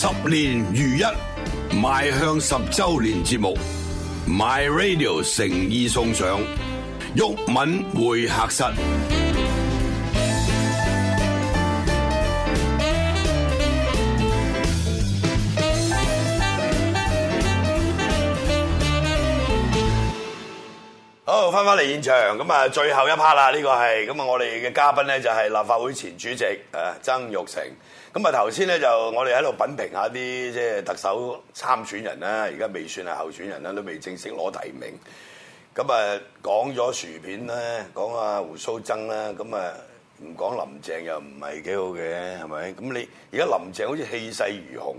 十年如一，邁向十周年節目，My Radio 誠意送上，毓民會客室。翻翻嚟現場，咁啊，最後一 part 啦，呢個係咁啊，我哋嘅嘉賓咧就係立法會前主席誒曾鈺成。咁啊，頭先咧就我哋喺度品評一下啲即係特首參選人啦，而家未算係候選人啦，都未正式攞提名。咁啊，講咗薯片啦，講阿胡須曾啦，咁啊唔講林鄭又唔係幾好嘅，係咪？咁你而家林鄭好似氣勢如虹。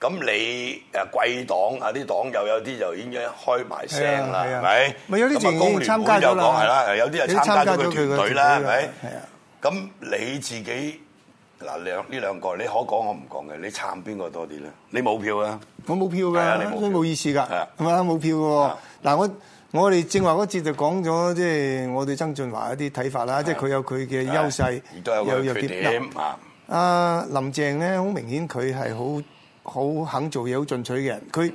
咁你誒貴黨啊？啲黨又有啲就已經開埋聲啦，係咪？咪有啲政協聯盟就講係啦，有啲就參加咗佢團隊啦，係咪？係啊。咁你自己嗱，兩呢兩個，你可講我唔講嘅，你撐邊個多啲咧？你冇票㗎，我冇票㗎，你冇票㗎，所以冇意思㗎，係咪啊？冇票㗎。嗱，我我哋正話嗰節就講咗，即係我對曾俊華一啲睇法啦，即係佢有佢嘅優勢，有弱點。啊，林鄭咧好明顯佢係好。好肯做嘢、好進取嘅人，佢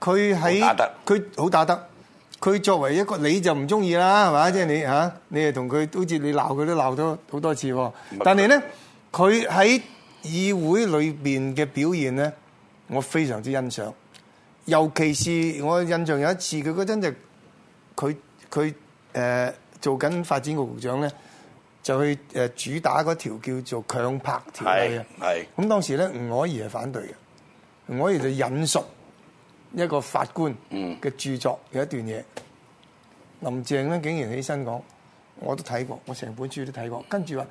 佢喺佢好打得，佢作為一個你就唔中意啦，係嘛？即係你吓，你係同佢好似你鬧佢都鬧咗好多次，但係咧，佢喺議會裏邊嘅表現咧，我非常之欣賞，尤其是我印象有一次的，佢嗰陣就佢佢誒做緊發展局局長咧，就去誒主打嗰條叫做強拍條嘅，咁當時咧吳可兒係反對嘅。我而就引述一個法官嘅著作，有一段嘢，嗯，林鄭咧竟然起身講，我都睇過，我成本書都睇過，跟住話，誒，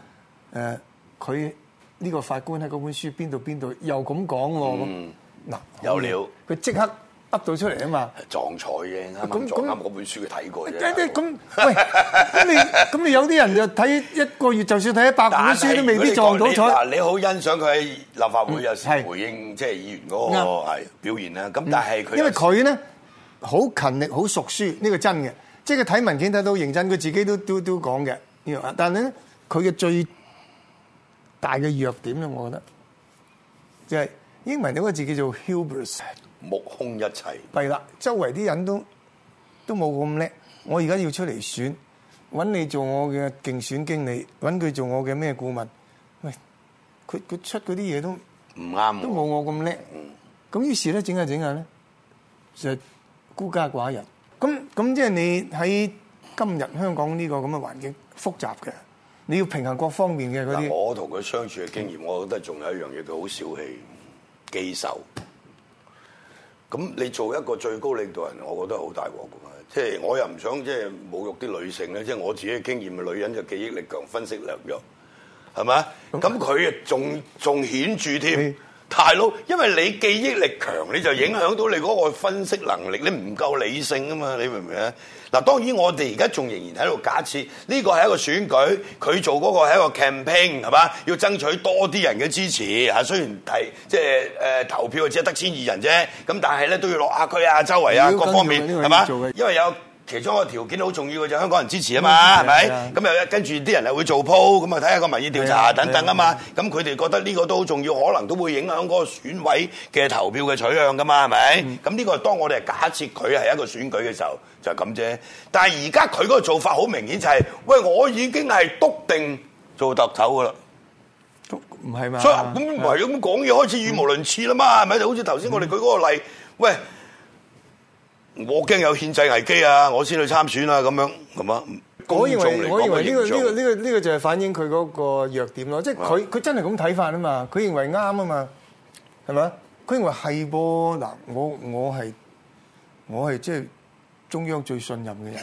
呃，佢呢個法官喺本書邊度邊度又咁講喎，嗱，嗯、有了佢即刻。揦到出嚟啊嘛！撞彩嘅。咁啱撞嗰本書佢睇過咁 喂，咁你咁你有啲人就睇一個月，就算睇一百本書都未必撞到彩。你好欣賞佢喺立法會有時是回應即係議員嗰、嗰個係表現啦。咁但係佢因為佢咧好勤力，好熟書呢、呢個真嘅。即係佢睇文件睇到認真，佢自己都都都講嘅。但係咧，佢嘅最大嘅弱點咧，我覺得就係、係、英文呢個字叫做 Hubris。目空一切，係啦，周圍啲人都都冇咁叻。我而家要出嚟選，搵你做我嘅競選經理，搵佢做我嘅咩顧問？喂，佢佢出嗰啲嘢都唔啱，都冇我咁叻。咁、嗯、於是咧，整下整下咧，就係孤家寡人。咁咁即係你喺今日香港呢個咁嘅環境複雜嘅，你要平衡各方面嘅嗰啲。我同佢相處嘅經驗，我覺得仲有一樣嘢，佢好小氣，記仇。咁你做一個最高領導人，我覺得好大鑊㗎嘛！即係我又唔想即係侮辱啲女性咧，即係我自己經驗，女人就記憶力強、分析力弱，係咪？咁佢啊，仲仲顯著添。大佬，因為你記憶力強，你就影響到你嗰個分析能力，你唔夠理性啊嘛？你明唔明啊？嗱，當然我哋而家仲仍然喺度假設呢個係一個選舉，佢做嗰個係一個 campaign 係嘛？要爭取多啲人嘅支持嚇。雖然提即係誒、呃、投票只係得千二人啫，咁但係咧都要落下佢啊，周圍啊各方面係嘛？因為有。其中一個條件好重要嘅就香港人支持、嗯、係、係啊嘛，係咪？咁又跟住啲人又會做鋪，咁啊睇下個民意調查等等啊嘛。咁佢哋覺得呢個都好重要，可能都會影響嗰個選委嘅投票嘅取向噶嘛，係咪？咁、嗯、呢、呢個當我哋係假設佢係一個選舉嘅時候，就係咁啫。但係而家佢嗰個做法好明顯就係、係，喂，我已經係篤定做特首噶啦，唔係嘛？所以咁唔係咁講嘢，啊啊、講開始語無倫次啦嘛，係、嗯、咪？就好似頭先我哋舉嗰個例、嗯，喂。我驚有限制危機啊！我先去參選啊。咁樣咁啊！我認為，我認為呢、這個呢、這個呢、這個呢、這個、就係反映佢嗰個弱點咯。即係佢佢真係咁睇法啊嘛！佢認為啱啊嘛，係咪佢認為係噃嗱，我我係我係即係中央最信任嘅人，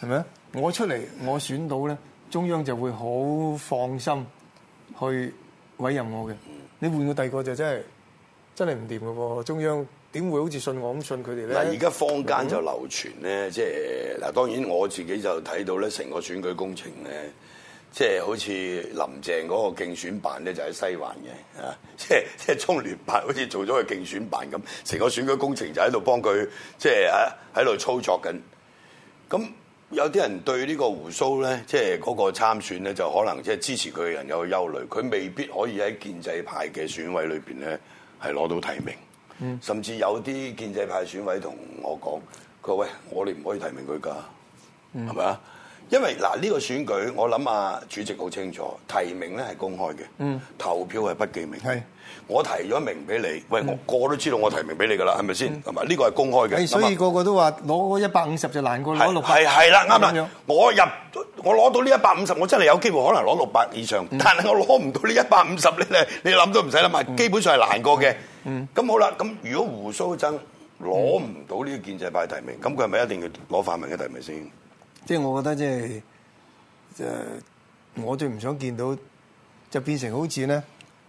係咪啊？我出嚟，我選到咧，中央就會好放心去委任我嘅。你換個第二個就真係真係唔掂㗎喎，中央。點會好似信我咁信佢哋咧？嗱，而家坊間就流傳咧，即係嗱，當然我自己就睇到咧，成個選舉工程咧，即係好似林鄭嗰個競選辦咧，就喺西環嘅，啊，即係即係中聯辦，好似做咗個競選辦咁，成個選舉工程就喺度幫佢，即係喺喺度操作緊。咁有啲人對呢個鬍鬚咧，即係嗰個參選咧，就可能即係支持佢嘅人有憂慮，佢未必可以喺建制派嘅選委裏邊咧係攞到提名。嗯、甚至有啲建制派選委同我講：佢話喂，我哋唔可以提名佢噶，係咪啊？因為嗱呢、呢個選舉，我諗啊主席好清楚，提名咧係公開嘅、嗯，投票係不記名。我提咗名俾你，喂，我、嗯、個個都知道我提名俾你㗎喇，係咪先？係嘛，呢個係公開嘅。所以個個都話攞一百五十就難過 650,，攞六百。係係啦，啱啊！我入我攞到呢一百五十，我, 150, 我真係有機會可能攞六百以上，嗯、但係我攞唔到呢一百五十你咧，你諗都唔使諗啊，基本上係難過嘅。嗯那，咁好啦，咁如果胡鬚曾攞唔到呢個建制派提名，咁佢係咪一定要攞泛民嘅提名先？即、嗯、係我覺得、就是，即係誒，我最唔想見到就變成好似咧，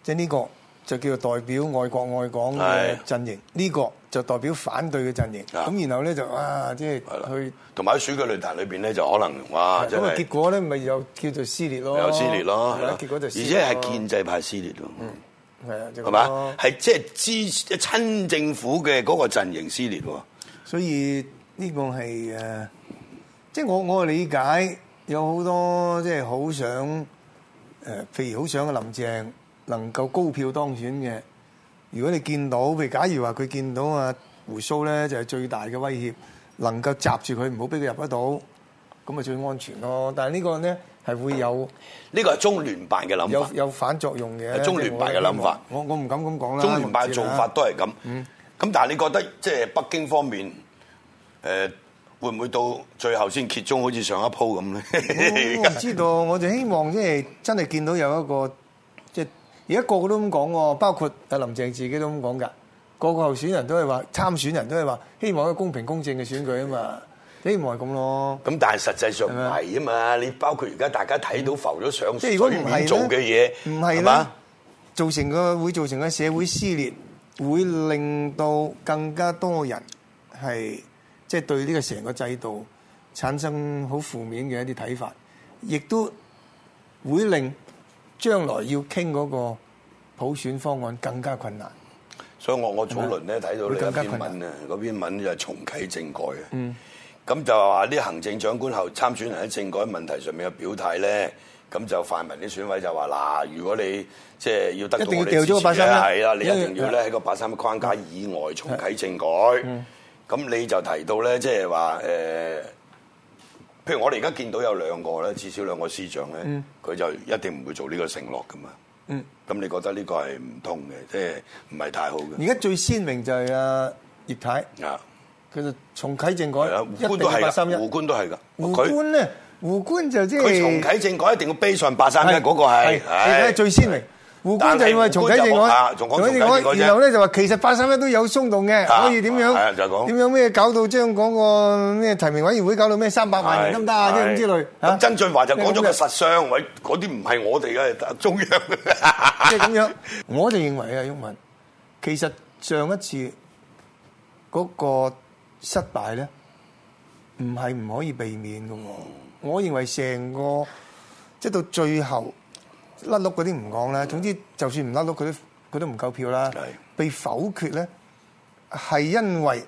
即係呢個。就叫做代表愛國愛港嘅陣營，呢個就代表反對嘅陣營。咁然後咧就啊，即係、就是、去同埋喺選舉論壇裏邊咧，面就可能哇，是真係結果咧，咪又叫做撕裂咯，有撕裂咯，而且係建制派撕裂喎，係啊，係嘛？係即係支持親政府嘅嗰個陣營撕裂喎。所以呢個係誒，即、就、係、是、我我理解有好多，即係好想誒，譬如好想嘅林鄭。能夠高票當選嘅，如果你見到，譬如假如話佢見到啊鬍鬚咧，就係最大嘅威脅，能夠閘住佢，唔好俾佢入得到，咁咪最安全咯。但係呢個咧係會有呢個係中聯辦嘅諗法有，有反作用嘅，中聯辦嘅諗法。我我唔敢咁講啦。中聯辦嘅做法都係咁。咁、嗯、但係你覺得即係北京方面，誒、呃、會唔會到最後先揭盅好似上一鋪咁咧？我唔知道， 我就希望即係真係見到有一個即。就是而家個個都咁講喎，包括阿林鄭自己都咁講㗎。個個候選人都係話，參選人都係話，希望一個公平公正嘅選舉啊嘛。你唔係咁咯。咁但係實際上係啊嘛係。你包括而家大家睇到浮咗上即係、嗯、如果水面做嘅嘢，唔係咩？造成個會造成個社會撕裂，會令到更加多人係即係對呢個成個制度產生好負面嘅一啲睇法，亦都會令，將來要傾嗰個普選方案更加困難，所以我我早輪咧睇到你嗰篇文啊，嗰篇文就重啟政改啊，咁、嗯、就話啲行政長官后參選人喺政改問題上面嘅表態咧，咁、嗯、就泛民啲選委就話嗱，如果你即係、就是、要得到，一定要掉咗個八三一係啦，你一定要咧喺個八三一嘅框架以外重啟政改，咁、嗯、你就提到咧即係話誒。呃譬如我哋而家見到有兩個咧，至少兩個司長咧，佢、嗯、就一定唔會做呢個承諾噶嘛。咁、嗯、你覺得呢個係唔通嘅，即係唔係太好嘅？而家最鮮明就係啊，葉太啊，佢就重啟政改，一定八三一，胡官都係噶。胡官咧，胡官就即係佢重啟政改，一定要背上八三一嗰個係，係最鮮明。胡官就話重啟政改，重啟政改，然後咧就話其實發生嘅都有鬆動嘅，可以點樣點樣咩搞到將嗰個咩提名委員會搞到咩三百萬得唔得啊之類。咁曾俊華就講咗個實相，喂，嗰啲唔係我哋嘅中央，即係咁樣。我就認為啊，毓民，其實上一次嗰個失敗咧，唔係唔可以避免嘅喎。我認為成個即係到最後。甩碌嗰啲唔講啦，總之就算唔甩碌，佢都佢都唔夠票啦。被否決咧，係因為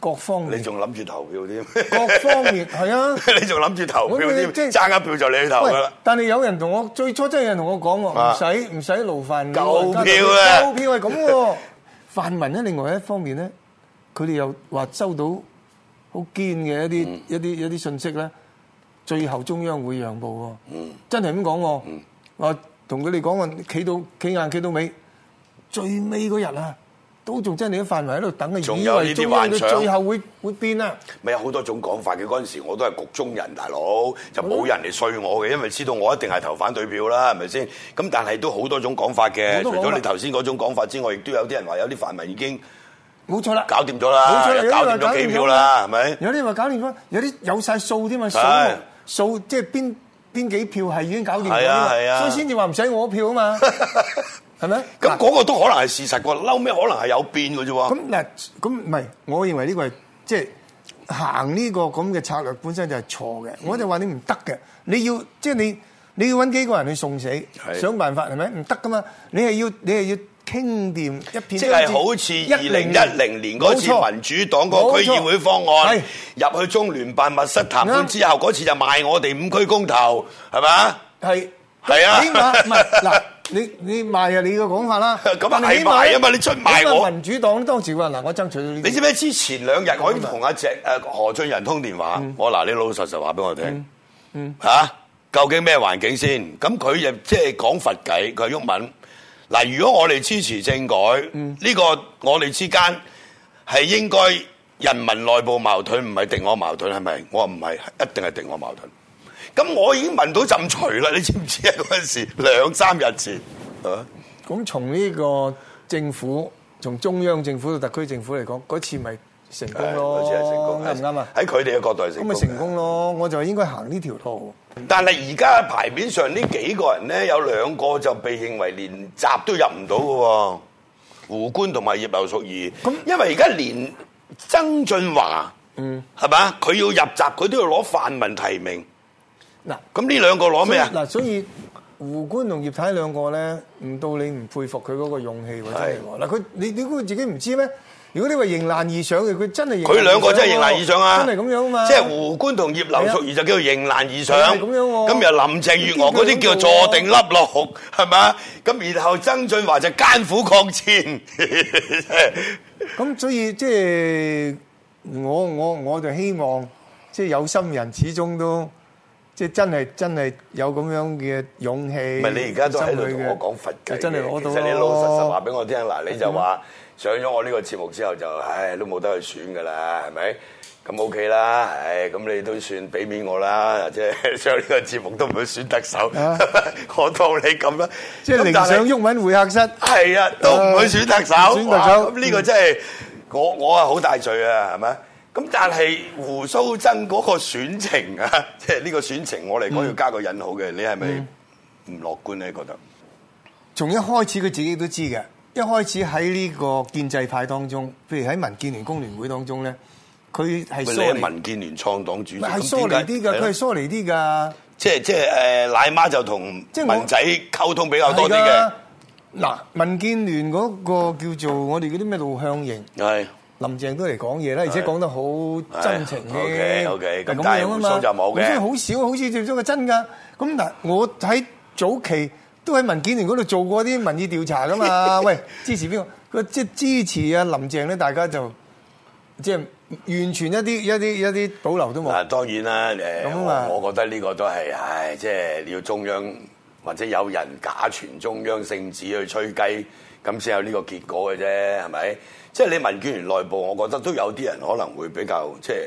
各方面你仲諗住投票添？ 各方面係啊，你仲諗住投票添？爭、即係、一票就你去投噶，但係有人同我最初真係有人同我講喎，唔使唔使勞煩夠票啊，夠票係咁喎。 泛民咧，另外一方面咧，佢哋又話收到好堅嘅一啲、嗯、一啲一啲信息咧，最後中央會讓步喎、嗯。真係咁講喎。嗯。我同佢哋講話，企到企硬企到尾，最尾嗰日啊，都仲真係你啲範圍喺度等嘅，有以為中央佢最後會會變啊。咪有好多種講法嘅嗰陣時，我都係局中人，大佬就冇人嚟衰我嘅，因為知道我一定係投反對票啦，係咪先？咁但係都好多種講法嘅，除咗你頭先嗰種講法之外，亦都有啲人話有啲範圍已經冇錯啦，搞掂咗啦，搞掂咗機票啦，係咪？有啲人話搞掂咗，有啲有晒數添嘛，數數即係邊？邊幾票係已經搞掂咗，呢個係啊係啊，所以先至話唔使我票啊嘛，係 咪？咁嗰個都可能係事實個，嬲咩可能係有變㗎啫。咁嗱，咁唔係，我認為呢個係即係行呢個咁嘅策略本身就係錯嘅。我就話你唔得嘅，你要即係、即係、你你要搵幾個人去送死，想辦法係咪？唔得噶嘛，你係要你係要。傾掂一片，即係好似二零一零年嗰次民主黨個區議會方案入去中聯辦密室談判之後嗰次就賣我哋五區公投係咪？係係啊，你買唔係嗱？你你賣啊？你個講法啦，咁啊睇埋啊嘛，你出賣我。民主黨當時話嗱，我爭取你知唔知之前兩日我同阿謝誒何俊仁通電話，我嗱你老老實實話俾我聽，嗯嚇，究竟咩環境先？咁佢又即係講佛偈，佢係郁文。嗱，如果我哋支持政改，呢、嗯，呢個我哋之間係應該人民內部矛盾，唔係敵我矛盾，係咪？我唔係一定係敵我矛盾。咁我已經聞到陣除啦，你知唔知啊？嗰陣時兩三日前，啊！咁從呢個政府，從中央政府到特區政府嚟講嗰次咪？成功咯，咁啊唔啱啊！喺佢哋嘅角度成功咪成功咯，我就應該行呢條路，嗯。但係而家牌面上呢幾個人咧，有兩個就被認為連閘都入唔到嘅喎，胡官同埋葉劉淑儀。咁、嗯、因為而家連曾俊華，嗯，係嘛？佢要入閘，佢都要攞泛民提名。嗱、嗯，咁呢兩個攞咩啊？嗱、嗯，所以、嗯所以，嗯、所以胡官同葉太兩個咧，唔到你唔佩服佢嗰個勇氣喎，真係嗱，佢你你估佢自己唔知咩？如果你話迎難而上嘅，佢真係，佢兩個真係迎難而上啊！真係咁樣嘛，啊，即係胡官同葉劉淑儀就叫迎難而上，咁樣咁又林鄭月娥嗰啲，啊，叫坐定笠落，係，啊，嘛？咁然後曾俊華就艱苦抗戰。咁 所以即係，就是，我我我就希望即係，就是，有心人始終都即係，就是，真係真係有咁樣嘅勇氣。唔係你而家都喺度同我講佛偈，你在在真係攞到，啊，其實你老老實實話俾我聽嗱，你就話。嗯上咗我呢個節目之後就，唉，都冇得去選噶啦，係咪？咁 OK 啦，唉，咁你都算俾面我啦，即係上呢個節目都唔會選特首，啊、 我當你咁啦。即係凌上毓民會客室，係啊，都、啊、唔會選特首，選特首，咁呢、嗯、個真係我我係好大罪啊，係咪？咁但係胡鬚曾嗰個選情啊，即係呢個選情，我嚟講要加個引號嘅，嗯、你係咪唔樂觀咧？覺、嗯、得從一開始佢自己都知嘅。一開始喺呢個建制派當中，譬如喺民建聯工聯會當中咧，佢係疏離。你民建聯創黨主席係疏離啲噶，佢疏離啲噶。即係即係誒，奶媽就同即係民仔溝通比較多啲嘅。嗱，民建聯嗰個叫做我哋嗰啲咩路向營，係林鄭都嚟講嘢啦，而且講得好真情嘅。O K O K，咁樣啊嘛，咁所以好少，好似叫做真噶。咁嗱，我喺早期。都喺民建聯嗰度做過啲民意調查噶嘛？ 喂，支持邊個？佢即係支持啊林鄭咧，大家就即係完全一啲一啲一啲保留都冇。啊，當然啦，誒，我我覺得呢個都係，唉，即係你要中央或者有人假傳中央聖旨去吹雞，咁先有呢個結果嘅啫，係咪？即係你民建聯內部，我覺得都有啲人可能會比較，即係誒，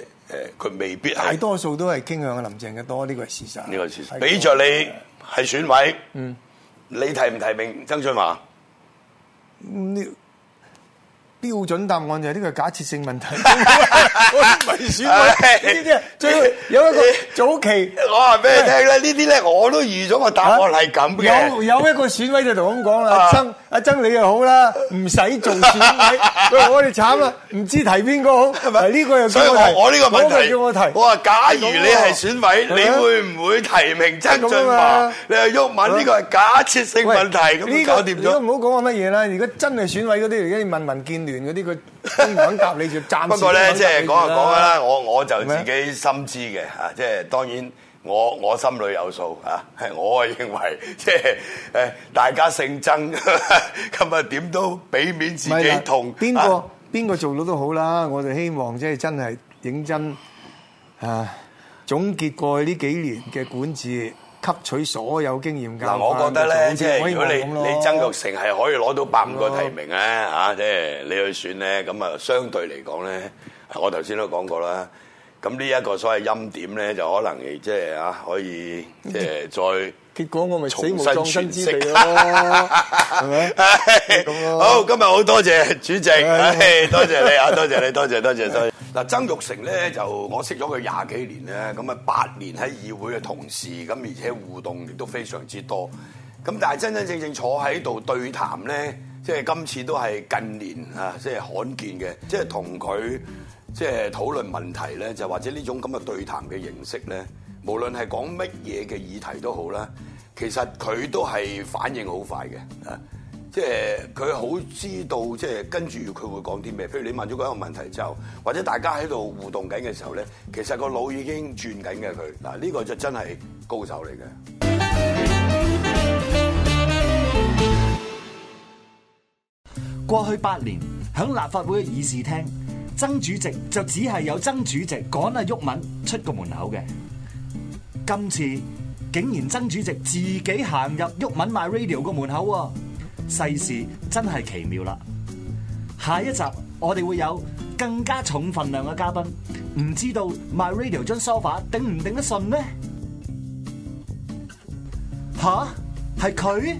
佢未必係多數都係傾向林鄭嘅多，呢個係事實。呢個事實，俾着你係選委，嗯。你提唔提名曾俊華？No 標準答案就係呢個假設性問題。 我唔係選委，呢啲最有一個早期，我話俾你聽啦，呢啲咧我都預咗個答案係咁有有一個選委就同我講啦，阿曾阿曾，你又好啦，唔使做選委， 喂我哋慘啦，唔知道提邊個好。係 呢、這個又叫我呢個問題，我個問題、那個、叫我提。我話假如你係選委，就是、你會唔會提名曾俊華？你係毓民？呢個係假設性問題咁，這個、搞掂咗。如果唔好講我乜嘢啦，如果真係選委嗰啲，而家你問文建。嗰啲佢肯夾你，就暫時不過咧，即係講下講下啦。我我就自己心知嘅，吓即係當然，我我心裏有數吓。係我啊認為，即係誒大家姓曾，今日，點都俾面自己痛。邊個邊個做到都好啦。我哋希望即係真係認真吓總結過去呢幾年嘅管治。吸取所有經驗㗎。嗱，我覺得咧，即係如果你你曾鈺成係可以攞到百五個提名咧，嚇，即係你去選咧，咁啊，相對嚟講咧，我頭先都講過啦。咁呢一個所謂欽點咧，就可能係即係嚇可以，即係再結果我咪死無葬身之地咯，係咪？咁咯。好，今日好多謝主席，多謝你，多謝你，多謝多謝多謝。嗱，曾鈺成咧就我識咗佢廿幾年咧，咁啊八年喺議會嘅同事，咁而且互動亦都非常之多。咁但係真真正正坐喺度對談咧，即係今次都係近年啊，即係罕見嘅，即係同佢即係討論問題咧，就或者呢種咁嘅對談嘅形式咧，無論係講乜嘢嘅議題都好啦，其實佢都係反應好快嘅啊！即係佢好知道，即、就、係、是、跟住佢會講啲咩？譬如你問咗嗰個問題之後，或者大家喺度互動緊嘅時候咧，其實個腦已經轉緊嘅佢嗱，呢、這個就真係高手嚟嘅。過去八年，響立法會嘅議事廳，曾主席就只係有曾主席趕阿毓民出個門口嘅。今次竟然曾主席自己行入毓民 MyRadio 個門口喎、啊。世事真係奇妙啦！下一集我哋會有更加重分量嘅嘉賓，唔知道 My Radio 張 sofa 頂唔頂得順呢？吓？係佢。